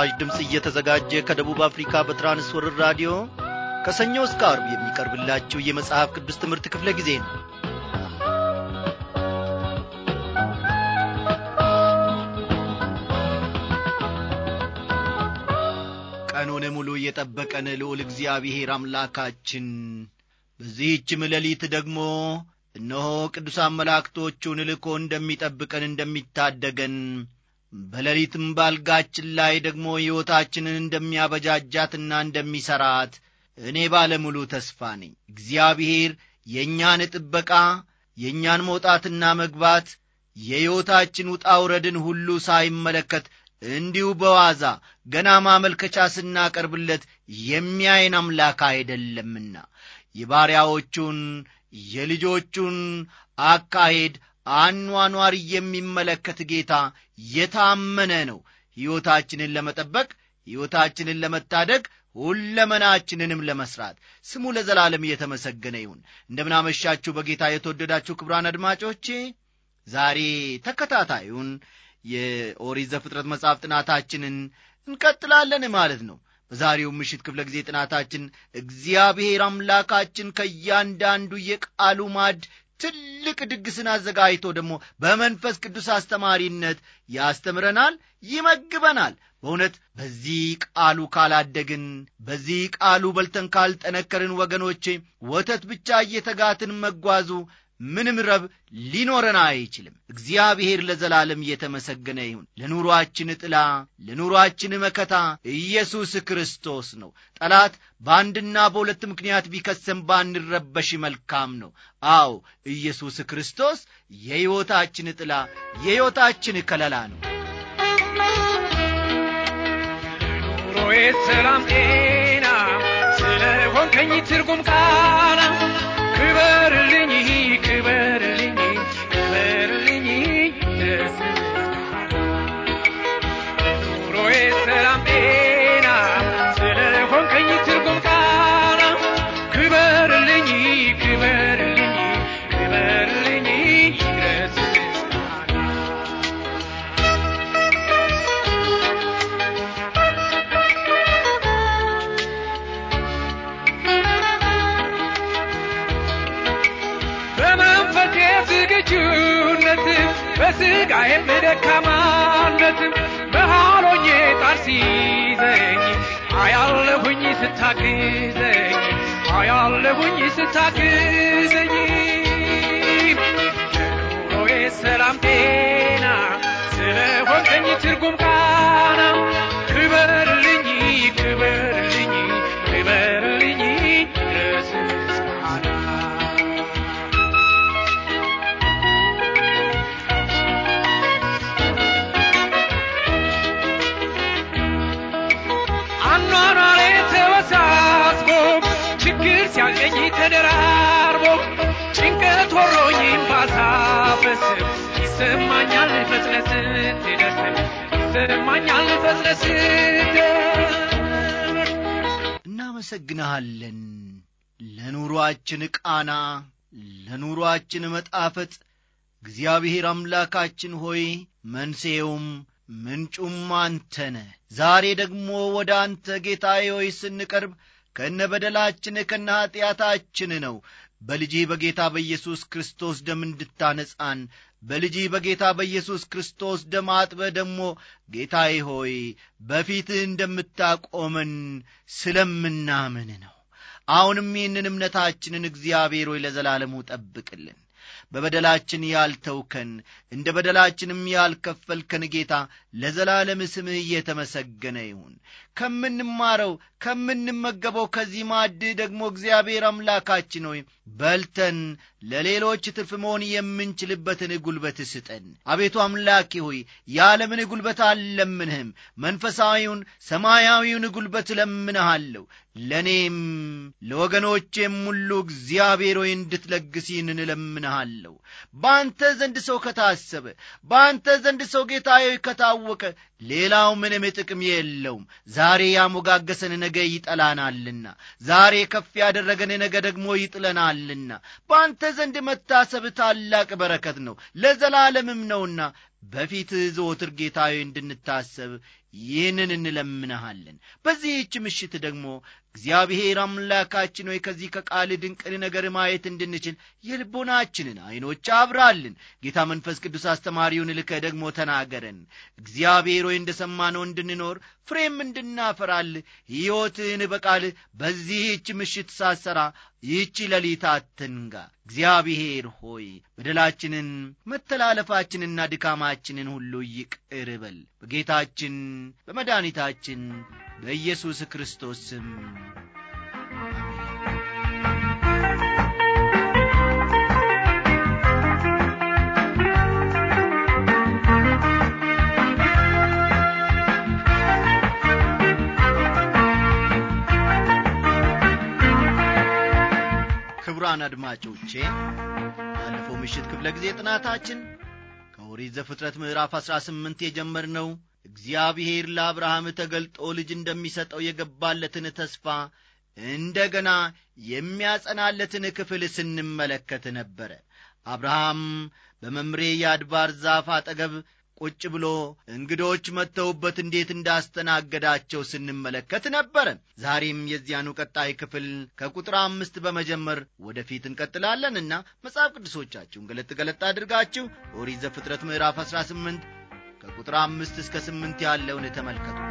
ለመስራች ድምፅ እየተዘጋጀ ከደቡብ አፍሪካ በትራንስወርር ራዲዮ ከሰኞ እስከ አርብ የሚቀርብላችሁ የመጽሐፍ ቅዱስ ትምህርት ክፍለ ጊዜ ነው ቀኑን ሙሉ እየጠበቀን ልዑል እግዚአብሔር አምላካችን በዚህች ሌሊት ደግሞ እነሆ ቅዱሳን መላእክቶቹን ልኮ እንደሚጠብቀን እንደሚታደገን በሌሊትም ባልጋችን ላይ ደግሞ ሕይወታችንን እንደሚያበጃጃትና እንደሚሠራት እኔ ባለሙሉ ተስፋ ነኝ። እግዚአብሔር የእኛን ጥበቃ፣ የእኛን መውጣትና መግባት፣ የሕይወታችን ውጣ ውረድን ሁሉ ሳይመለከት እንዲሁ በዋዛ ገና ማመልከቻ ስናቀርብለት የሚያይን አምላክ አይደለምና የባሪያዎቹን የልጆቹን አካሄድ አኗኗር የሚመለከት ጌታ የታመነ ነው። ሕይወታችንን ለመጠበቅ፣ ሕይወታችንን ለመታደግ፣ ሁለመናችንንም ለመስራት ስሙ ለዘላለም እየተመሰገነ ይሁን። እንደምናመሻችሁ በጌታ የተወደዳችሁ ክቡራን አድማጮቼ ዛሬ ተከታታዩን የኦሪት ዘፍጥረት መጽሐፍ ጥናታችንን እንቀጥላለን ማለት ነው። በዛሬው ምሽት ክፍለ ጊዜ ጥናታችን እግዚአብሔር አምላካችን ከእያንዳንዱ የቃሉ ማድ ትልቅ ድግስን አዘጋጅቶ ደግሞ በመንፈስ ቅዱስ አስተማሪነት ያስተምረናል፣ ይመግበናል። በእውነት በዚህ ቃሉ ካላደግን፣ በዚህ ቃሉ በልተን ካልጠነከርን፣ ወገኖቼ ወተት ብቻ እየተጋትን መጓዙ ምንም ረብ ሊኖረን አይችልም። እግዚአብሔር ለዘላለም እየተመሰገነ ይሁን። ለኑሮአችን ጥላ፣ ለኑሮአችን መከታ ኢየሱስ ክርስቶስ ነው። ጠላት በአንድና በሁለት ምክንያት ቢከሰም ባንረበሽ መልካም ነው። አዎ ኢየሱስ ክርስቶስ የሕይወታችን ጥላ፣ የሕይወታችን ከለላ ነው። ኑሮዬ ሰላም ጤና ትርጉም ቃና ክበርልኝ River ደካማነት መሃሎኜ ጣር ሲዘኝ አያለሁኝ ስታግዘኝ አያለሁኝ ስታግዘኝ ለኑሮዬ ሰላም ጤና ስለሆንከኝ ትርጉም ቃና ክበር ይሰማኛል መዝለስ ይሰማኛል እናመሰግንሃለን ለኑሮአችን ቃና ለኑሯችን መጣፈጥ እግዚአብሔር አምላካችን ሆይ መንስኤውም ምንጩም አንተነ ዛሬ ደግሞ ወደ አንተ ጌታዬ ሆይ ስንቀርብ ከነ በደላችን ከነ ኀጢአታችን ነው በልጅህ በጌታ በኢየሱስ ክርስቶስ ደም እንድታነጻን በልጅህ በጌታ በኢየሱስ ክርስቶስ ደም አጥበ ደግሞ ጌታዬ ሆይ በፊትህ እንደምታቆመን ስለምናምን ነው። አሁንም ይህንን እምነታችንን እግዚአብሔር ሆይ ለዘላለሙ ጠብቅልን። በበደላችን ያልተውከን እንደ በደላችንም ያልከፈልከን ጌታ ለዘላለም ስምህ እየተመሰገነ ይሁን። ከምንማረው ከምንመገበው ከዚህ ማዕድ ደግሞ እግዚአብሔር አምላካችን ሆይ በልተን ለሌሎች ትርፍ መሆን የምንችልበትን ጉልበት ስጠን። አቤቱ አምላኬ ሆይ የዓለምን ጉልበት አልለምንህም፣ መንፈሳዊውን ሰማያዊውን ጉልበት እለምንሃለሁ። ለእኔም ለወገኖቼም ሁሉ እግዚአብሔር ሆይ እንድትለግስ ይህንን እለምንሃለሁ። በአንተ ዘንድ ሰው ከታሰበ፣ በአንተ ዘንድ ሰው ጌታዬ ከታወቀ ሌላው ምንም ጥቅም የለውም። ዛሬ ያሞጋገሰን ነገ ይጠላናልና፣ ዛሬ ከፍ ያደረገን ነገ ደግሞ ይጥለናልና፣ በአንተ ዘንድ መታሰብ ታላቅ በረከት ነው ለዘላለምም ነውና በፊት ዘወትር ጌታዊ እንድንታሰብ ይህንን እንለምንሃለን። በዚህች ምሽት ደግሞ እግዚአብሔር አምላካችን ሆይ ከዚህ ከቃል ድንቅን ነገር ማየት እንድንችል የልቦናችንን ዐይኖች አብራልን። ጌታ መንፈስ ቅዱስ አስተማሪውን ልከ ደግሞ ተናገረን። እግዚአብሔር ሆይ እንደ ሰማነው እንድንኖር ፍሬም እንድናፈራል ሕይወትህን በቃል በዚህች ምሽት ሳሰራ ይቺ ሌሊት አትንጋ። እግዚአብሔር ሆይ በደላችንን መተላለፋችንና ድካማችንን ሁሉ ይቅር በል። በጌታችን በመድኃኒታችን በኢየሱስ ክርስቶስ ስም ክቡራን አድማጮቼ ባለፈው ምሽት ክፍለ ጊዜ ጥናታችን ከኦሪት ዘፍጥረት ምዕራፍ አሥራ ስምንት የጀመርነው እግዚአብሔር ለአብርሃም ተገልጦ ልጅ እንደሚሰጠው የገባለትን ተስፋ እንደ ገና የሚያጸናለትን ክፍል ስንመለከት ነበረ አብርሃም በመምሬ የአድባር ዛፍ አጠገብ ቁጭ ብሎ እንግዶች መጥተውበት እንዴት እንዳስተናገዳቸው ስንመለከት ነበረ። ዛሬም የዚያኑ ቀጣይ ክፍል ከቁጥር አምስት በመጀመር ወደፊት እንቀጥላለንና መጽሐፍ ቅዱሶቻችሁን ገለጥ ገለጥ አድርጋችሁ ኦሪት ዘፍጥረት ምዕራፍ 18 ከቁጥር አምስት እስከ ስምንት ያለውን ተመልከቱ።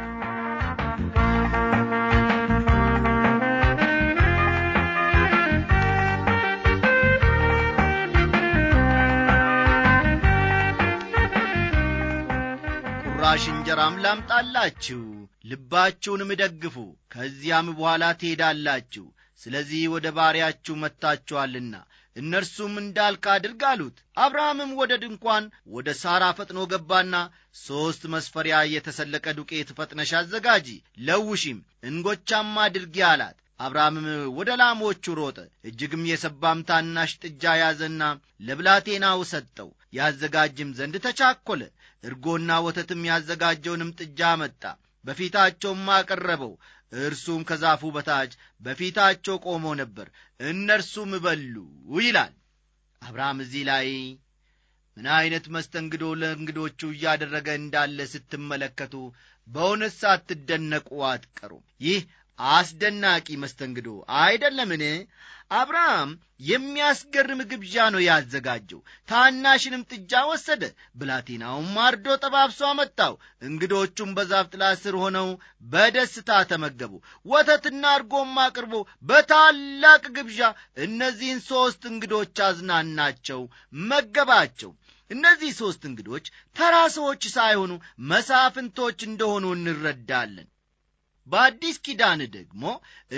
ግማሽ እንጀራም ላምጣላችሁ፣ ልባችሁንም ደግፉ፣ ከዚያም በኋላ ትሄዳላችሁ፣ ስለዚህ ወደ ባሪያችሁ መጥታችኋልና እነርሱም እንዳልክ አድርግ አሉት። አብርሃምም ወደ ድንኳን ወደ ሳራ ፈጥኖ ገባና ሦስት መስፈሪያ የተሰለቀ ዱቄት ፈጥነሽ አዘጋጂ፣ ለውሺም፣ እንጎቻም አድርጊ አላት። አብርሃምም ወደ ላሞቹ ሮጠ፣ እጅግም የሰባም ታናሽ ጥጃ ያዘና ለብላቴናው ሰጠው። ያዘጋጅም ዘንድ ተቻኰለ። እርጎና ወተትም ያዘጋጀውንም ጥጃ መጣ በፊታቸውም አቀረበው። እርሱም ከዛፉ በታች በፊታቸው ቆሞ ነበር፣ እነርሱም በሉ ይላል። አብርሃም እዚህ ላይ ምን ዐይነት መስተንግዶ ለእንግዶቹ እያደረገ እንዳለ ስትመለከቱ በእውነት ሳትደነቁ አትቀሩም። ይህ አስደናቂ መስተንግዶ አይደለምን? አብርሃም የሚያስገርም ግብዣ ነው ያዘጋጀው። ታናሽንም ጥጃ ወሰደ፣ ብላቴናውም አርዶ ጠባብሶ አመጣው። እንግዶቹም በዛፍ ጥላ ስር ሆነው በደስታ ተመገቡ። ወተትና እርጎም አቅርቦ በታላቅ ግብዣ እነዚህን ሦስት እንግዶች አዝናናቸው፣ መገባቸው። እነዚህ ሦስት እንግዶች ተራ ሰዎች ሳይሆኑ መሳፍንቶች እንደሆኑ እንረዳለን። በአዲስ ኪዳን ደግሞ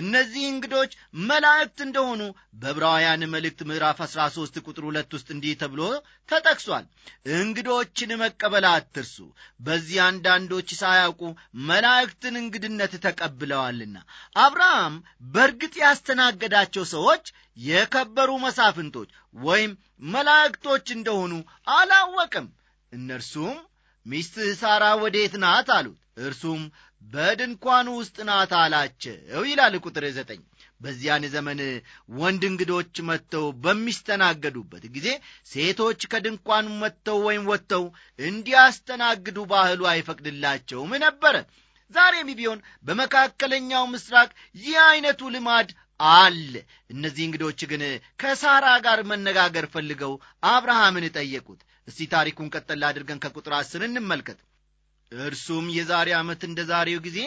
እነዚህ እንግዶች መላእክት እንደሆኑ በብራውያን መልእክት ምዕራፍ 13 ቁጥር 2 ውስጥ እንዲህ ተብሎ ተጠቅሷል። እንግዶችን መቀበል አትርሱ፣ በዚህ አንዳንዶች ሳያውቁ መላእክትን እንግድነት ተቀብለዋልና። አብርሃም በእርግጥ ያስተናገዳቸው ሰዎች የከበሩ መሳፍንቶች ወይም መላእክቶች እንደሆኑ አላወቅም። እነርሱም ሚስትህ ሳራ ወዴት ናት አሉት። እርሱም በድንኳኑ ውስጥ ናት አላቸው ይላል ቁጥር ዘጠኝ በዚያን ዘመን ወንድ እንግዶች መጥተው በሚስተናገዱበት ጊዜ ሴቶች ከድንኳኑ መጥተው ወይም ወጥተው እንዲያስተናግዱ ባህሉ አይፈቅድላቸውም ነበረ ዛሬም ቢሆን በመካከለኛው ምስራቅ ይህ ዐይነቱ ልማድ አለ እነዚህ እንግዶች ግን ከሳራ ጋር መነጋገር ፈልገው አብርሃምን ጠየቁት እስቲ ታሪኩን ቀጠል አድርገን ከቁጥር አስር እንመልከት እርሱም የዛሬ ዓመት እንደ ዛሬው ጊዜ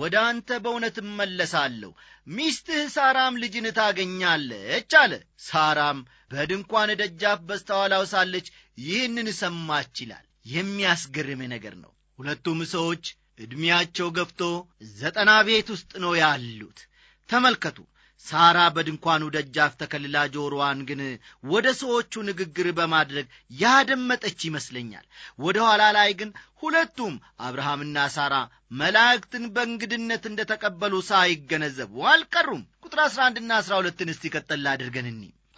ወደ አንተ በእውነት እመለሳለሁ፣ ሚስትህ ሳራም ልጅን ታገኛለች አለ። ሳራም በድንኳን ደጃፍ በስተኋላው ሳለች ይህንን ሰማች ይላል። የሚያስገርም ነገር ነው። ሁለቱም ሰዎች ዕድሜያቸው ገፍቶ ዘጠና ቤት ውስጥ ነው ያሉት። ተመልከቱ ሳራ በድንኳኑ ደጃፍ ተከልላ ጆሮዋን ግን ወደ ሰዎቹ ንግግር በማድረግ ያደመጠች ይመስለኛል። ወደ ኋላ ላይ ግን ሁለቱም አብርሃምና ሳራ መላእክትን በእንግድነት እንደ ተቀበሉ ሳይገነዘቡ አልቀሩም። ቁጥር 11ና 12ን እስቲ ቀጠል አድርገን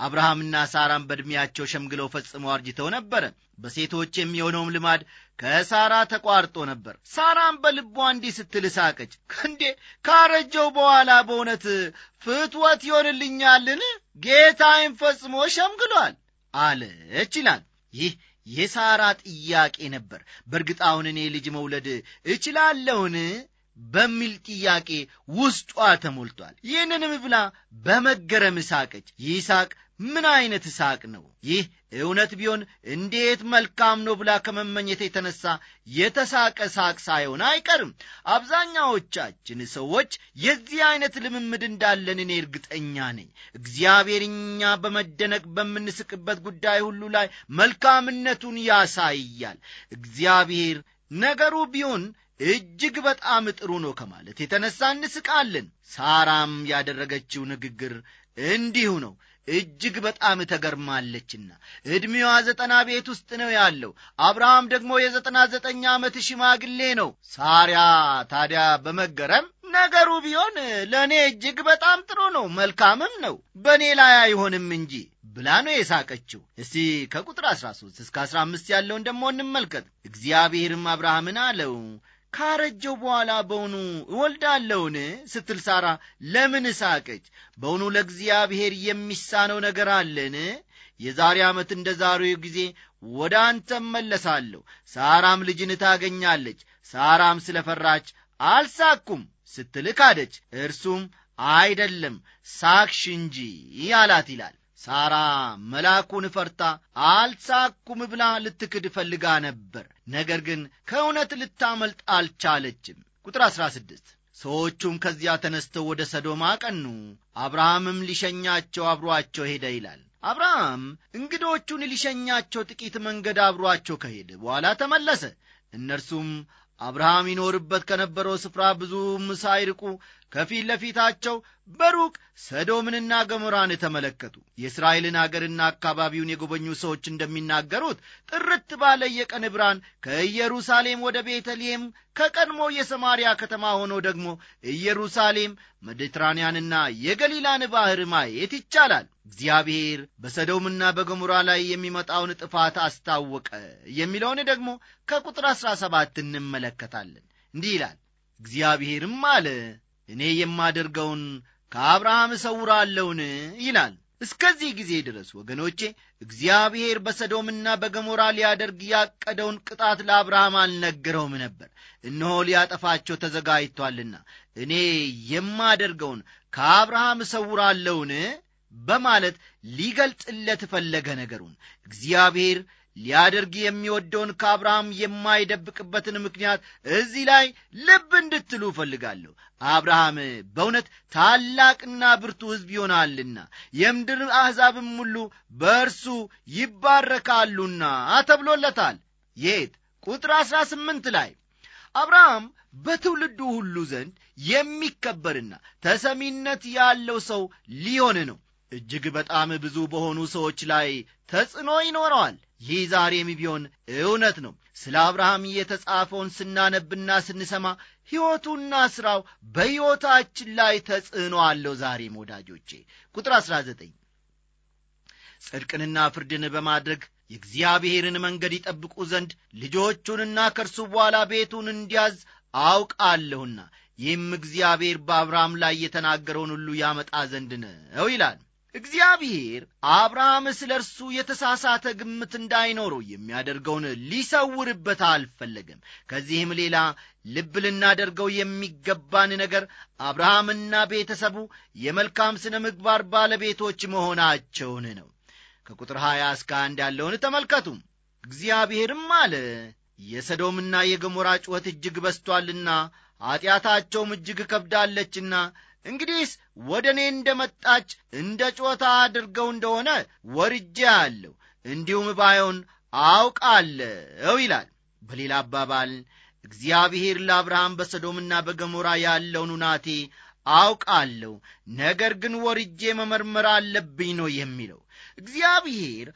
አብርሃምና ሳራም በዕድሜያቸው ሸምግለው ፈጽመው አርጅተው ነበረ። በሴቶች የሚሆነውም ልማድ ከሳራ ተቋርጦ ነበር። ሳራም በልቧ እንዲህ ስትል ሳቀች። እንዴ ካረጀው በኋላ በእውነት ፍትወት ይሆንልኛልን? ጌታዬም ፈጽሞ ሸምግሏል አለች ይላል። ይህ የሳራ ጥያቄ ነበር። በእርግጥ አሁን እኔ ልጅ መውለድ እችላለሁን በሚል ጥያቄ ውስጧ ተሞልቷል። ይህንንም ብላ በመገረም ሳቀች። ይህ ሳቅ ምን አይነት ሳቅ ነው? ይህ እውነት ቢሆን እንዴት መልካም ነው ብላ ከመመኘት የተነሳ የተሳቀ ሳቅ ሳይሆን አይቀርም። አብዛኛዎቻችን ሰዎች የዚህ አይነት ልምምድ እንዳለን እኔ እርግጠኛ ነኝ። እግዚአብሔር እኛ በመደነቅ በምንስቅበት ጉዳይ ሁሉ ላይ መልካምነቱን ያሳያል። እግዚአብሔር ነገሩ ቢሆን እጅግ በጣም ጥሩ ነው ከማለት የተነሳ እንስቃለን። ሳራም ያደረገችው ንግግር እንዲሁ ነው። እጅግ በጣም ተገርማለችና ዕድሜዋ ዘጠና ቤት ውስጥ ነው ያለው። አብርሃም ደግሞ የዘጠና ዘጠኝ ዓመት ሽማግሌ ነው። ሳራ ታዲያ በመገረም ነገሩ ቢሆን ለእኔ እጅግ በጣም ጥሩ ነው፣ መልካምም ነው፣ በእኔ ላይ አይሆንም እንጂ ብላ ነው የሳቀችው። እስቲ ከቁጥር 13 እስከ 15 ያለውን ደግሞ እንመልከት። እግዚአብሔርም አብርሃምን አለው ካረጀው በኋላ በውኑ እወልዳለውን ስትል ሳራ ለምን እሳቀች በውኑ ለእግዚአብሔር የሚሳነው ነገር አለን? የዛሬ ዓመት እንደ ዛሬው ጊዜ ወደ አንተ መለሳለሁ ሳራም ልጅን ታገኛለች፣ ሳራም ስለ ፈራች አልሳኩም ስትል ካደች። እርሱም አይደለም ሳክሽ እንጂ አላት ይላል። ሳራ መልአኩን ፈርታ አልሳኩም ብላ ልትክድ ፈልጋ ነበር። ነገር ግን ከእውነት ልታመልጥ አልቻለችም። ቁጥር 16 ሰዎቹም ከዚያ ተነስተው ወደ ሰዶም አቀኑ፣ አብርሃምም ሊሸኛቸው አብሮአቸው ሄደ ይላል። አብርሃም እንግዶቹን ሊሸኛቸው ጥቂት መንገድ አብሮአቸው ከሄደ በኋላ ተመለሰ። እነርሱም አብርሃም ይኖርበት ከነበረው ስፍራ ብዙም ሳይርቁ ከፊት ለፊታቸው በሩቅ ሰዶምንና ገሞራን ተመለከቱ። የእስራኤልን አገርና አካባቢውን የጎበኙ ሰዎች እንደሚናገሩት ጥርት ባለ የቀን ብርሃን ከኢየሩሳሌም ወደ ቤተልሔም ከቀድሞ የሰማርያ ከተማ ሆኖ ደግሞ ኢየሩሳሌም፣ ሜዲትራንያንና የገሊላን ባሕር ማየት ይቻላል። እግዚአብሔር በሰዶምና በገሞራ ላይ የሚመጣውን ጥፋት አስታወቀ የሚለውን ደግሞ ከቁጥር አሥራ ሰባት እንመለከታለን። እንዲህ ይላል፣ እግዚአብሔርም አለ እኔ የማደርገውን ከአብርሃም እሰውራለውን ይላል እስከዚህ ጊዜ ድረስ ወገኖቼ እግዚአብሔር በሰዶምና በገሞራ ሊያደርግ ያቀደውን ቅጣት ለአብርሃም አልነገረውም ነበር እነሆ ሊያጠፋቸው ተዘጋጅቷልና እኔ የማደርገውን ከአብርሃም እሰውራለሁን በማለት ሊገልጥለት ፈለገ ነገሩን እግዚአብሔር ሊያደርግ የሚወደውን ከአብርሃም የማይደብቅበትን ምክንያት እዚህ ላይ ልብ እንድትሉ እፈልጋለሁ። አብርሃም በእውነት ታላቅና ብርቱ ሕዝብ ይሆናልና የምድር አሕዛብም ሁሉ በእርሱ ይባረካሉና ተብሎለታል። የት ቁጥር አሥራ ስምንት ላይ አብርሃም በትውልዱ ሁሉ ዘንድ የሚከበርና ተሰሚነት ያለው ሰው ሊሆን ነው። እጅግ በጣም ብዙ በሆኑ ሰዎች ላይ ተጽዕኖ ይኖረዋል። ይህ ዛሬም ቢሆን እውነት ነው። ስለ አብርሃም የተጻፈውን ስናነብና ስንሰማ ሕይወቱና ሥራው በሕይወታችን ላይ ተጽዕኖ አለው። ዛሬም ወዳጆቼ ቁጥር 19 ጽድቅንና ፍርድን በማድረግ የእግዚአብሔርን መንገድ ይጠብቁ ዘንድ ልጆቹንና ከእርሱ በኋላ ቤቱን እንዲያዝ አውቃለሁና ይህም እግዚአብሔር በአብርሃም ላይ የተናገረውን ሁሉ ያመጣ ዘንድ ነው ይላል። እግዚአብሔር አብርሃም ስለ እርሱ የተሳሳተ ግምት እንዳይኖረው የሚያደርገውን ሊሰውርበት አልፈለገም። ከዚህም ሌላ ልብ ልናደርገው የሚገባን ነገር አብርሃምና ቤተሰቡ የመልካም ስነ ምግባር ባለቤቶች መሆናቸውን ነው። ከቁጥር 20 እስከ 1 ያለውን ተመልከቱ። እግዚአብሔርም አለ የሰዶምና የገሞራ ጩኸት እጅግ በስቶአልና ኀጢአታቸውም እጅግ ከብዳለችና እንግዲህስ ወደ እኔ እንደ መጣች እንደ ጮታ አድርገው እንደሆነ ወርጄ አለሁ እንዲሁም ባዮን አውቃለሁ ይላል። በሌላ አባባል እግዚአብሔር ለአብርሃም በሰዶምና በገሞራ ያለውን ናቴ አውቃለሁ፣ ነገር ግን ወርጄ መመርመር አለብኝ ነው የሚለው። እግዚአብሔር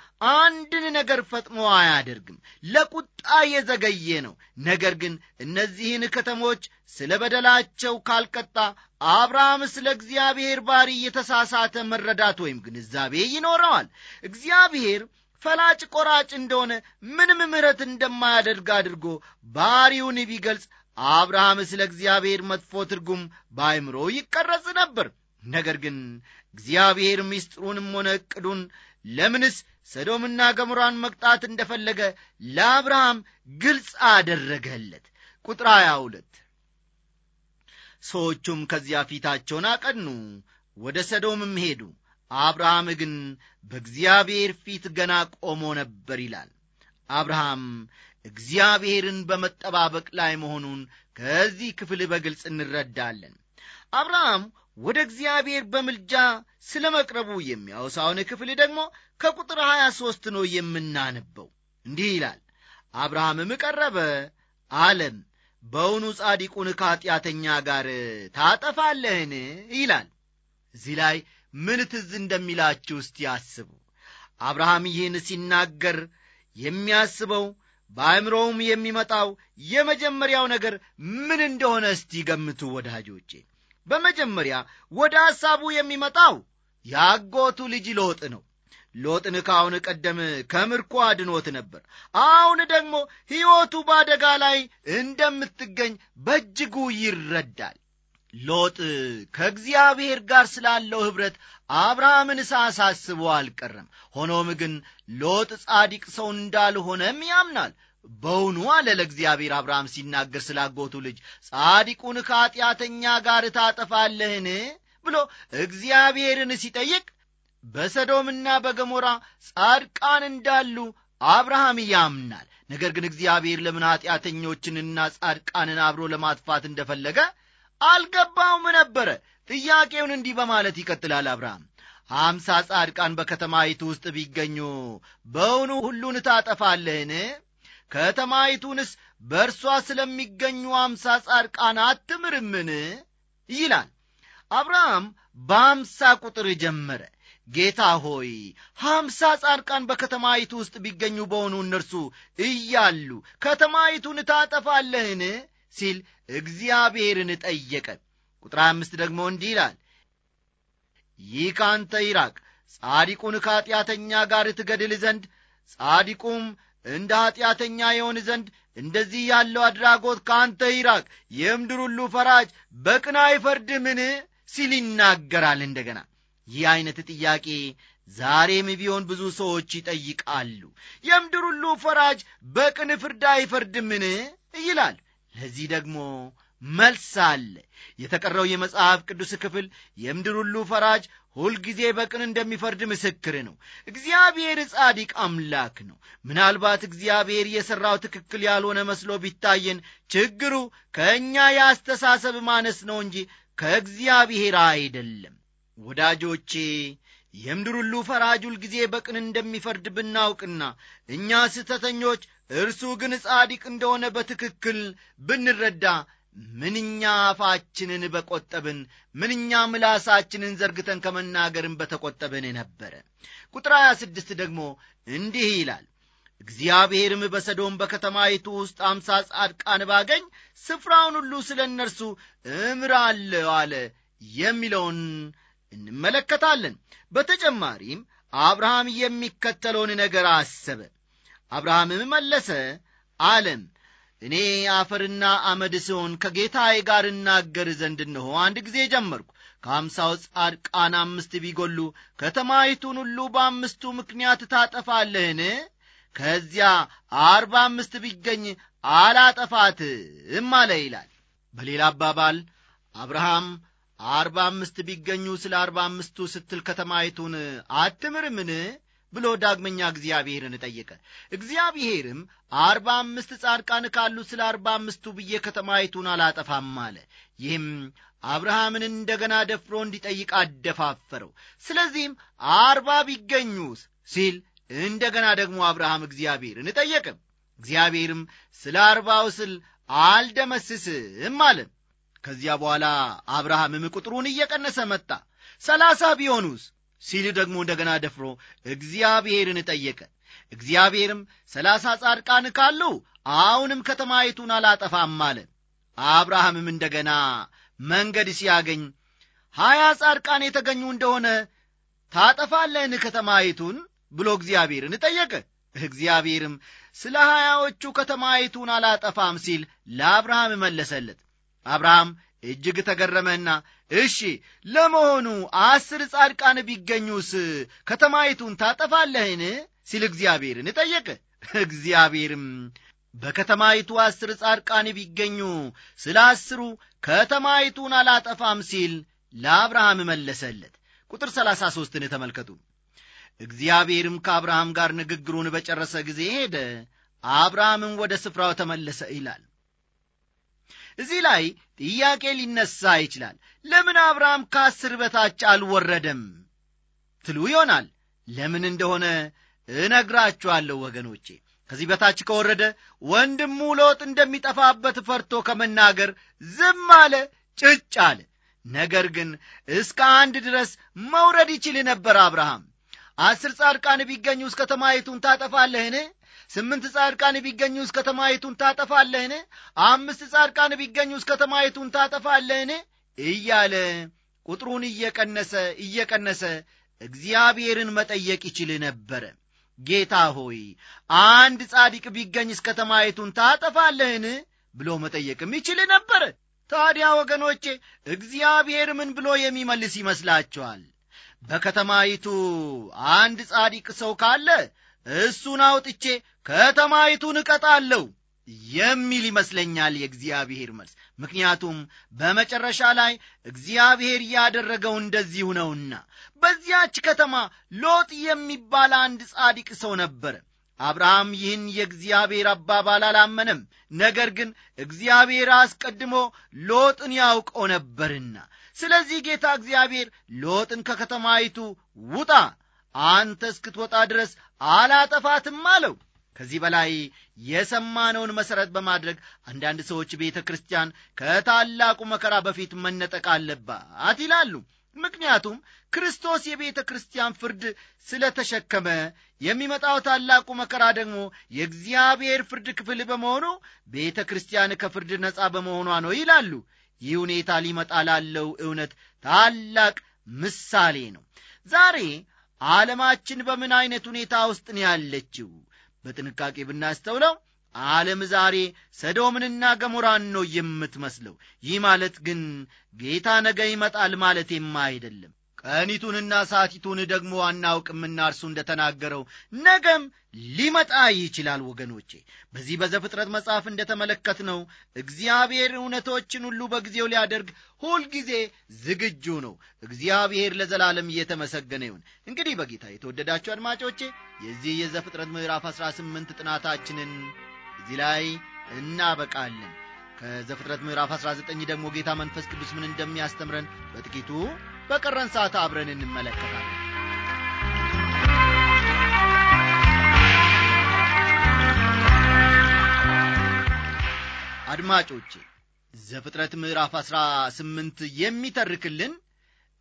አንድን ነገር ፈጥሞ አያደርግም፣ ለቁጣ የዘገየ ነው። ነገር ግን እነዚህን ከተሞች ስለ በደላቸው ካልቀጣ አብርሃም ስለ እግዚአብሔር ባሪ የተሳሳተ መረዳት ወይም ግንዛቤ ይኖረዋል። እግዚአብሔር ፈላጭ ቆራጭ እንደሆነ ምንም ምረት እንደማያደርግ አድርጎ ባሪውን ቢገልጽ አብርሃም ስለ እግዚአብሔር መጥፎ ትርጉም በአይምሮ ይቀረጽ ነበር። ነገር ግን እግዚአብሔር ምስጢሩንም ሆነ ዕቅዱን ለምንስ ሰዶምና ገሞራን መቅጣት እንደፈለገ ለአብርሃም ግልጽ አደረገለት። ቁጥር 22 ሰዎቹም ከዚያ ፊታቸውን አቀኑ፣ ወደ ሰዶምም ሄዱ። አብርሃም ግን በእግዚአብሔር ፊት ገና ቆሞ ነበር ይላል። አብርሃም እግዚአብሔርን በመጠባበቅ ላይ መሆኑን ከዚህ ክፍል በግልጽ እንረዳለን። አብርሃም ወደ እግዚአብሔር በምልጃ ስለ መቅረቡ የሚያወሳውን ክፍል ደግሞ ከቁጥር 23 ነው የምናነበው። እንዲህ ይላል፣ አብርሃምም ቀረበ አለም፣ በውኑ ጻዲቁን ከኀጢአተኛ ጋር ታጠፋለህን? ይላል። እዚህ ላይ ምን ትዝ እንደሚላችሁ እስቲ አስቡ። አብርሃም ይህን ሲናገር የሚያስበው በአእምሮውም የሚመጣው የመጀመሪያው ነገር ምን እንደሆነ እስቲ ገምቱ ወዳጆቼ። በመጀመሪያ ወደ ሐሳቡ የሚመጣው የአጎቱ ልጅ ሎጥ ነው። ሎጥን ከአሁን ቀደም ከምርኮ አድኖት ነበር። አሁን ደግሞ ሕይወቱ በአደጋ ላይ እንደምትገኝ በእጅጉ ይረዳል። ሎጥ ከእግዚአብሔር ጋር ስላለው ኅብረት አብርሃምን ሳሳስቦ አልቀረም። ሆኖም ግን ሎጥ ጻዲቅ ሰው እንዳልሆነም ያምናል። በውኑ አለ ለእግዚአብሔር አብርሃም ሲናገር ስላጎቱ ልጅ ጻዲቁን ከኀጢአተኛ ጋር ታጠፋለህን ብሎ እግዚአብሔርን ሲጠይቅ በሰዶምና በገሞራ ጻድቃን እንዳሉ አብርሃም ያምናል። ነገር ግን እግዚአብሔር ለምን ኀጢአተኞችንና ጻድቃንን አብሮ ለማጥፋት እንደፈለገ አልገባውም ነበረ። ጥያቄውን እንዲህ በማለት ይቀጥላል አብርሃም አምሳ ጻድቃን በከተማይቱ ውስጥ ቢገኙ በውኑ ሁሉን ታጠፋለህን? ከተማይቱንስ በእርሷ ስለሚገኙ አምሳ ጻድቃን አትምርምን ይላል። አብርሃም በአምሳ ቁጥር ጀመረ። ጌታ ሆይ ሀምሳ ጻድቃን በከተማይቱ ውስጥ ቢገኙ በሆኑ እነርሱ እያሉ ከተማይቱን ታጠፋለህን? ሲል እግዚአብሔርን ጠየቀ። ቁጥር አምስት ደግሞ እንዲህ ይላል፣ ይህ ካንተ ይራቅ፣ ጻዲቁን ከአጢአተኛ ጋር ትገድል ዘንድ ጻዲቁም እንደ ኀጢአተኛ የሆን ዘንድ እንደዚህ ያለው አድራጎት ከአንተ ይራቅ፣ የምድር ሁሉ ፈራጅ በቅን አይፈርድምን ሲል ይናገራል። እንደገና ይህ ዐይነት ጥያቄ ዛሬም ቢሆን ብዙ ሰዎች ይጠይቃሉ። የምድር ሁሉ ፈራጅ በቅን ፍርድ አይፈርድምን ይላል። ለዚህ ደግሞ መልስ አለ። የተቀረው የመጽሐፍ ቅዱስ ክፍል የምድር ሁሉ ፈራጅ ሁልጊዜ በቅን እንደሚፈርድ ምስክር ነው። እግዚአብሔር ጻዲቅ አምላክ ነው። ምናልባት እግዚአብሔር የሠራው ትክክል ያልሆነ መስሎ ቢታየን ችግሩ ከእኛ የአስተሳሰብ ማነስ ነው እንጂ ከእግዚአብሔር አይደለም። ወዳጆቼ የምድር ሁሉ ፈራጅ ሁልጊዜ በቅን እንደሚፈርድ ብናውቅና እኛ ስህተተኞች፣ እርሱ ግን ጻዲቅ እንደሆነ በትክክል ብንረዳ ምንኛ አፋችንን በቆጠብን ምንኛ ምላሳችንን ዘርግተን ከመናገርን በተቆጠብን ነበረ። ቁጥር 26 ደግሞ እንዲህ ይላል እግዚአብሔርም በሰዶም በከተማይቱ ውስጥ አምሳ ጻድቃን ባገኝ ስፍራውን ሁሉ ስለ እነርሱ እምራለሁ አለ የሚለውን እንመለከታለን። በተጨማሪም አብርሃም የሚከተለውን ነገር አሰበ። አብርሃምም መለሰ አለም እኔ አፈርና አመድ ሲሆን ከጌታዬ ጋር እናገር ዘንድ እንሆ አንድ ጊዜ ጀመርኩ ከአምሳው ጻድቃን አምስት ቢጎሉ ከተማይቱን ሁሉ በአምስቱ ምክንያት ታጠፋለህን ከዚያ አርባ አምስት ቢገኝ አላጠፋትም አለ ይላል በሌላ አባባል አብርሃም አርባ አምስት ቢገኙ ስለ አርባ አምስቱ ስትል ከተማይቱን አትምርምን ብሎ ዳግመኛ እግዚአብሔርን ጠየቀ። እግዚአብሔርም አርባ አምስት ጻድቃን ካሉ ስለ አርባ አምስቱ ብዬ ከተማይቱን አላጠፋም አለ። ይህም አብርሃምን እንደገና ደፍሮ እንዲጠይቅ አደፋፈረው። ስለዚህም አርባ ቢገኙስ ሲል እንደገና ደግሞ አብርሃም እግዚአብሔርን ጠየቀ። እግዚአብሔርም ስለ አርባው ስል አልደመስስም አለ። ከዚያ በኋላ አብርሃምም ቁጥሩን እየቀነሰ መጣ። ሰላሳ ቢሆኑስ ሲል ደግሞ እንደገና ደፍሮ እግዚአብሔርን ጠየቀ እግዚአብሔርም ሰላሳ ጻድቃን ካሉ አሁንም ከተማይቱን አላጠፋም አለ አብርሃምም እንደገና መንገድ ሲያገኝ ሀያ ጻድቃን የተገኙ እንደሆነ ታጠፋለህን ከተማይቱን ብሎ እግዚአብሔርን ጠየቀ እግዚአብሔርም ስለ ሀያዎቹ ከተማይቱን አላጠፋም ሲል ለአብርሃም መለሰለት አብርሃም እጅግ ተገረመና እሺ ለመሆኑ አስር ጻድቃን ቢገኙስ ከተማይቱን ታጠፋለህን ሲል እግዚአብሔርን ጠየቀ እግዚአብሔርም በከተማይቱ አስር ጻድቃን ቢገኙ ስለ አስሩ ከተማይቱን አላጠፋም ሲል ለአብርሃም መለሰለት ቁጥር 3 ን ተመልከቱ እግዚአብሔርም ከአብርሃም ጋር ንግግሩን በጨረሰ ጊዜ ሄደ አብርሃምም ወደ ስፍራው ተመለሰ ይላል እዚህ ላይ ጥያቄ ሊነሳ ይችላል። ለምን አብርሃም ከአስር በታች አልወረደም ትሉ ይሆናል። ለምን እንደሆነ እነግራችኋለሁ ወገኖቼ። ከዚህ በታች ከወረደ ወንድሙ ሎጥ እንደሚጠፋበት ፈርቶ ከመናገር ዝም አለ፣ ጭጭ አለ። ነገር ግን እስከ አንድ ድረስ መውረድ ይችል ነበር። አብርሃም አስር ጻድቃን ቢገኙ እስከ ከተማይቱን ታጠፋለህን ስምንት ጻድቃን ቢገኙስ ከተማይቱን ታጠፋለህን? አምስት ጻድቃን ቢገኙስ ከተማይቱን ታጠፋለህን? እያለ ቁጥሩን እየቀነሰ እየቀነሰ እግዚአብሔርን መጠየቅ ይችል ነበረ። ጌታ ሆይ አንድ ጻድቅ ቢገኝስ ከተማይቱን ታጠፋለህን ብሎ መጠየቅም ይችል ነበረ። ታዲያ ወገኖቼ እግዚአብሔር ምን ብሎ የሚመልስ ይመስላችኋል? በከተማይቱ አንድ ጻዲቅ ሰው ካለ እሱን አውጥቼ ከተማይቱን እቀጣለሁ የሚል ይመስለኛል የእግዚአብሔር መልስ። ምክንያቱም በመጨረሻ ላይ እግዚአብሔር ያደረገው እንደዚሁ ነውና። በዚያች ከተማ ሎጥ የሚባል አንድ ጻድቅ ሰው ነበረ። አብርሃም ይህን የእግዚአብሔር አባባል አላመነም። ነገር ግን እግዚአብሔር አስቀድሞ ሎጥን ያውቀው ነበርና፣ ስለዚህ ጌታ እግዚአብሔር ሎጥን ከከተማይቱ ውጣ አንተ እስክትወጣ ድረስ አላጠፋትም አለው። ከዚህ በላይ የሰማነውን መሠረት በማድረግ አንዳንድ ሰዎች ቤተ ክርስቲያን ከታላቁ መከራ በፊት መነጠቅ አለባት ይላሉ። ምክንያቱም ክርስቶስ የቤተ ክርስቲያን ፍርድ ስለ ተሸከመ የሚመጣው ታላቁ መከራ ደግሞ የእግዚአብሔር ፍርድ ክፍል በመሆኑ ቤተ ክርስቲያን ከፍርድ ነፃ በመሆኗ ነው ይላሉ። ይህ ሁኔታ ሊመጣ ላለው እውነት ታላቅ ምሳሌ ነው። ዛሬ ዓለማችን በምን ዐይነት ሁኔታ ውስጥ ነው ያለችው? በጥንቃቄ ብናስተውለው ዓለም ዛሬ ሰዶምንና ገሞራን ነው የምትመስለው። ይህ ማለት ግን ጌታ ነገ ይመጣል ማለቴም አይደለም። ቀኒቱንና ሰዓቲቱን ደግሞ አናውቅምና እርሱ እንደ ተናገረው ነገም ሊመጣ ይችላል። ወገኖቼ በዚህ በዘፍጥረት መጽሐፍ እንደ ነው እግዚአብሔር እውነቶችን ሁሉ በጊዜው ሊያደርግ ሁልጊዜ ዝግጁ ነው። እግዚአብሔር ለዘላለም እየተመሰገነ ይሁን። እንግዲህ በጌታ የተወደዳችሁ አድማጮቼ የዚህ የዘፍጥረት ምዕራፍ 18 ጥናታችንን እዚህ ላይ እናበቃለን። ከዘፍጥረት ምዕራፍ 19 ደግሞ ጌታ መንፈስ ቅዱስ ምን እንደሚያስተምረን በጥቂቱ በቀረን ሰዓት አብረን እንመለከታለን። አድማጮቼ ዘፍጥረት ምዕራፍ አሥራ ስምንት የሚተርክልን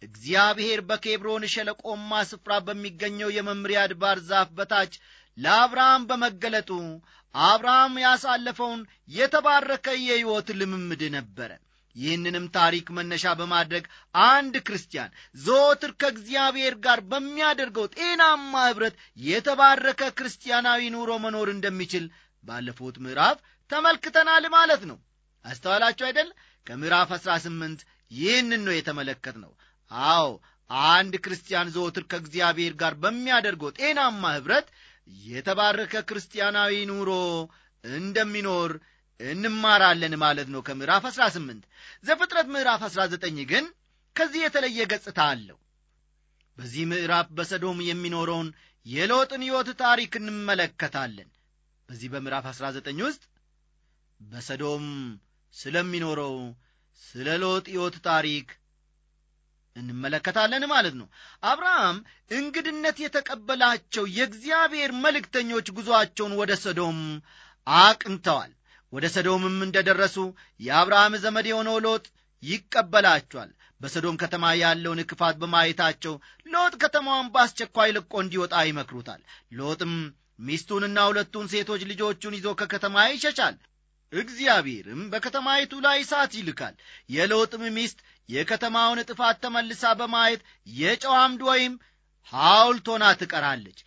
እግዚአብሔር በኬብሮን ሸለቆማ ስፍራ በሚገኘው የመምሪያ ድባር ዛፍ በታች ለአብርሃም በመገለጡ አብርሃም ያሳለፈውን የተባረከ የሕይወት ልምምድ ነበረ። ይህንንም ታሪክ መነሻ በማድረግ አንድ ክርስቲያን ዘወትር ከእግዚአብሔር ጋር በሚያደርገው ጤናማ ኅብረት የተባረከ ክርስቲያናዊ ኑሮ መኖር እንደሚችል ባለፉት ምዕራፍ ተመልክተናል ማለት ነው። አስተዋላችሁ አይደል? ከምዕራፍ 18 ይህንን ነው የተመለከት ነው። አዎ አንድ ክርስቲያን ዘወትር ከእግዚአብሔር ጋር በሚያደርገው ጤናማ ኅብረት የተባረከ ክርስቲያናዊ ኑሮ እንደሚኖር እንማራለን ማለት ነው ከምዕራፍ 18 ዘፍጥረት ምዕራፍ 19 ግን ከዚህ የተለየ ገጽታ አለው በዚህ ምዕራፍ በሰዶም የሚኖረውን የሎጥን ሕይወት ታሪክ እንመለከታለን በዚህ በምዕራፍ 19 ውስጥ በሰዶም ስለሚኖረው ስለ ሎጥ ሕይወት ታሪክ እንመለከታለን ማለት ነው አብርሃም እንግድነት የተቀበላቸው የእግዚአብሔር መልእክተኞች ጉዞአቸውን ወደ ሰዶም አቅንተዋል ወደ ሰዶምም እንደ ደረሱ የአብርሃም ዘመድ የሆነው ሎጥ ይቀበላቸዋል። በሰዶም ከተማ ያለውን ክፋት በማየታቸው ሎጥ ከተማዋን በአስቸኳይ ልቆ እንዲወጣ ይመክሩታል። ሎጥም ሚስቱንና ሁለቱን ሴቶች ልጆቹን ይዞ ከከተማ ይሸሻል። እግዚአብሔርም በከተማይቱ ላይ እሳት ይልካል። የሎጥም ሚስት የከተማውን ጥፋት ተመልሳ በማየት የጨዋምድ ወይም ሐውልቶና ትቀራለች።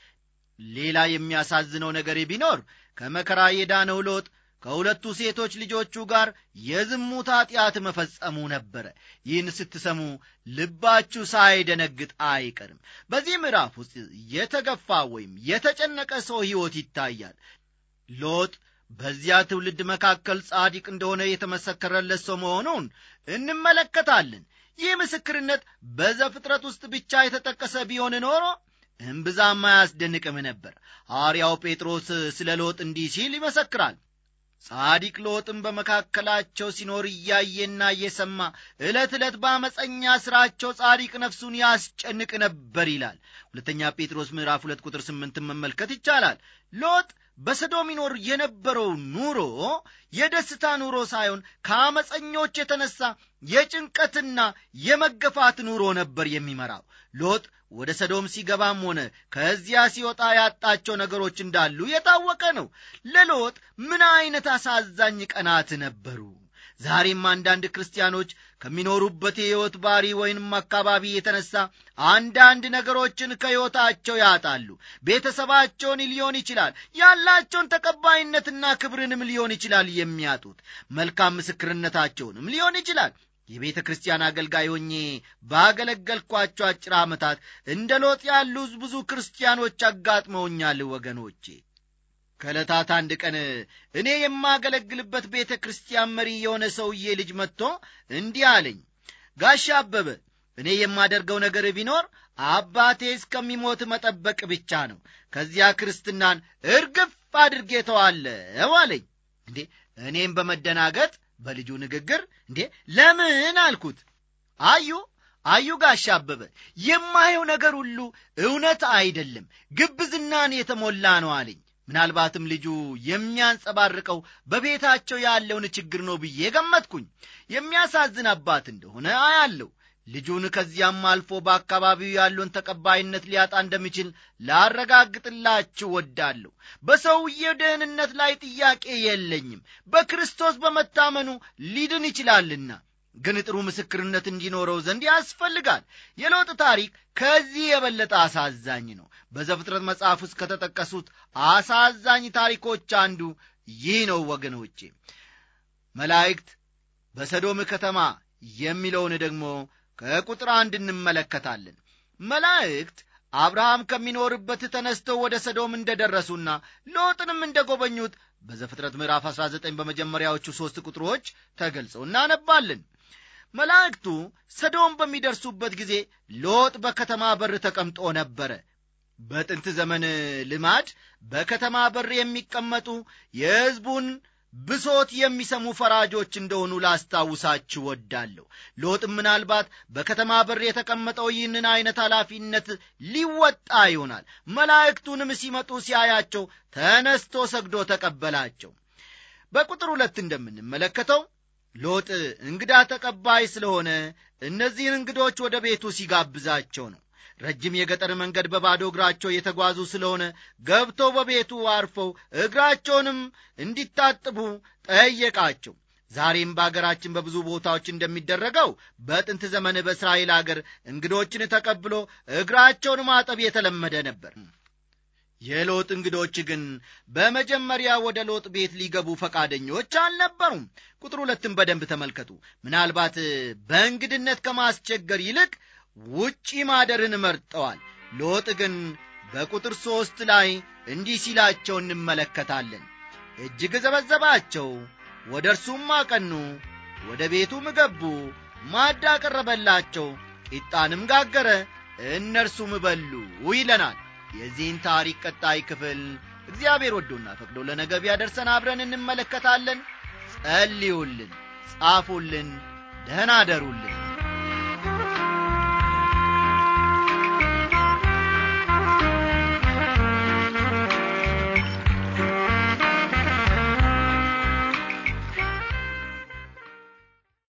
ሌላ የሚያሳዝነው ነገር ቢኖር ከመከራ የዳነው ሎጥ ከሁለቱ ሴቶች ልጆቹ ጋር የዝሙት ኃጢአት መፈጸሙ ነበረ። ይህን ስትሰሙ ልባችሁ ሳይደነግጥ አይቀርም። በዚህ ምዕራፍ ውስጥ የተገፋ ወይም የተጨነቀ ሰው ሕይወት ይታያል። ሎጥ በዚያ ትውልድ መካከል ጻድቅ እንደሆነ የተመሰከረለት ሰው መሆኑን እንመለከታለን። ይህ ምስክርነት በዘፍጥረት ውስጥ ብቻ የተጠቀሰ ቢሆን ኖሮ እምብዛም አያስደንቅም ነበር። ሐዋርያው ጴጥሮስ ስለ ሎጥ እንዲህ ሲል ይመሰክራል ጻዲቅ ሎጥም በመካከላቸው ሲኖር እያየና እየሰማ ዕለት ዕለት በአመፀኛ ሥራቸው ጻዲቅ ነፍሱን ያስጨንቅ ነበር ይላል ሁለተኛ ጴጥሮስ ምዕራፍ ሁለት ቁጥር ስምንትን መመልከት ይቻላል ሎጥ በሰዶም ይኖር የነበረው ኑሮ የደስታ ኑሮ ሳይሆን ከአመፀኞች የተነሳ የጭንቀትና የመገፋት ኑሮ ነበር የሚመራው። ሎጥ ወደ ሰዶም ሲገባም ሆነ ከዚያ ሲወጣ ያጣቸው ነገሮች እንዳሉ የታወቀ ነው። ለሎጥ ምን አይነት አሳዛኝ ቀናት ነበሩ! ዛሬም አንዳንድ ክርስቲያኖች ከሚኖሩበት የሕይወት ባሪ ወይንም አካባቢ የተነሳ አንዳንድ ነገሮችን ከሕይወታቸው ያጣሉ። ቤተሰባቸውን ሊሆን ይችላል፣ ያላቸውን ተቀባይነትና ክብርንም ሊሆን ይችላል የሚያጡት፣ መልካም ምስክርነታቸውንም ሊሆን ይችላል። የቤተ ክርስቲያን አገልጋይ ሆኜ ባገለገልኳቸው አጭር ዓመታት እንደ ሎጥ ያሉ ብዙ ክርስቲያኖች አጋጥመውኛል ወገኖቼ ከዕለታት አንድ ቀን እኔ የማገለግልበት ቤተ ክርስቲያን መሪ የሆነ ሰውዬ ልጅ መጥቶ እንዲህ አለኝ፣ ጋሻ አበበ፣ እኔ የማደርገው ነገር ቢኖር አባቴ እስከሚሞት መጠበቅ ብቻ ነው። ከዚያ ክርስትናን እርግፍ አድርጌ ተዋለው አለኝ። እንዴ እኔም በመደናገጥ በልጁ ንግግር እንዴ ለምን አልኩት። አዩ አዩ ጋሻ አበበ፣ የማየው ነገር ሁሉ እውነት አይደለም፣ ግብዝናን የተሞላ ነው አለኝ። ምናልባትም ልጁ የሚያንጸባርቀው በቤታቸው ያለውን ችግር ነው ብዬ ገመትኩኝ። የሚያሳዝን አባት እንደሆነ አያለሁ። ልጁን ከዚያም አልፎ በአካባቢው ያለውን ተቀባይነት ሊያጣ እንደሚችል ላረጋግጥላችሁ ወዳለሁ። በሰውየው ደህንነት ላይ ጥያቄ የለኝም። በክርስቶስ በመታመኑ ሊድን ይችላልና ግን ጥሩ ምስክርነት እንዲኖረው ዘንድ ያስፈልጋል። የሎጥ ታሪክ ከዚህ የበለጠ አሳዛኝ ነው። በዘፍጥረት መጽሐፍ ውስጥ ከተጠቀሱት አሳዛኝ ታሪኮች አንዱ ይህ ነው። ወገኖቼ መላእክት በሰዶም ከተማ የሚለውን ደግሞ ከቁጥር አንድ እንመለከታለን። መላእክት አብርሃም ከሚኖርበት ተነስተው ወደ ሰዶም እንደደረሱና ሎጥንም እንደጎበኙት በዘፍጥረት ምዕራፍ 19 በመጀመሪያዎቹ ሦስት ቁጥሮች ተገልጸው እናነባለን። መላእክቱ ሰዶም በሚደርሱበት ጊዜ ሎጥ በከተማ በር ተቀምጦ ነበረ። በጥንት ዘመን ልማድ በከተማ በር የሚቀመጡ የሕዝቡን ብሶት የሚሰሙ ፈራጆች እንደሆኑ ላስታውሳችሁ ወዳለሁ። ሎጥም ምናልባት በከተማ በር የተቀመጠው ይህንን ዐይነት ኃላፊነት ሊወጣ ይሆናል። መላእክቱንም ሲመጡ ሲያያቸው ተነስቶ ሰግዶ ተቀበላቸው። በቁጥር ሁለት እንደምንመለከተው ሎጥ እንግዳ ተቀባይ ስለሆነ እነዚህን እንግዶች ወደ ቤቱ ሲጋብዛቸው ነው። ረጅም የገጠር መንገድ በባዶ እግራቸው የተጓዙ ስለሆነ ገብቶ በቤቱ አርፈው እግራቸውንም እንዲታጥቡ ጠየቃቸው። ዛሬም በአገራችን በብዙ ቦታዎች እንደሚደረገው በጥንት ዘመን በእስራኤል አገር እንግዶችን ተቀብሎ እግራቸውን ማጠብ የተለመደ ነበር። የሎጥ እንግዶች ግን በመጀመሪያ ወደ ሎጥ ቤት ሊገቡ ፈቃደኞች አልነበሩም። ቁጥር ሁለትም በደንብ ተመልከቱ። ምናልባት በእንግድነት ከማስቸገር ይልቅ ውጪ ማደርን መርጠዋል። ሎጥ ግን በቁጥር ሦስት ላይ እንዲህ ሲላቸው እንመለከታለን። እጅግ ዘበዘባቸው፣ ወደ እርሱም አቀኑ፣ ወደ ቤቱም ገቡ፣ ማዳ ቀረበላቸው ቂጣንም ጋገረ፣ እነርሱም በሉ ይለናል። የዚህን ታሪክ ቀጣይ ክፍል እግዚአብሔር ወዶና ፈቅዶ ለነገብ ያደርሰን አብረን እንመለከታለን ጸልዩልን ጻፉልን ደህና አደሩልን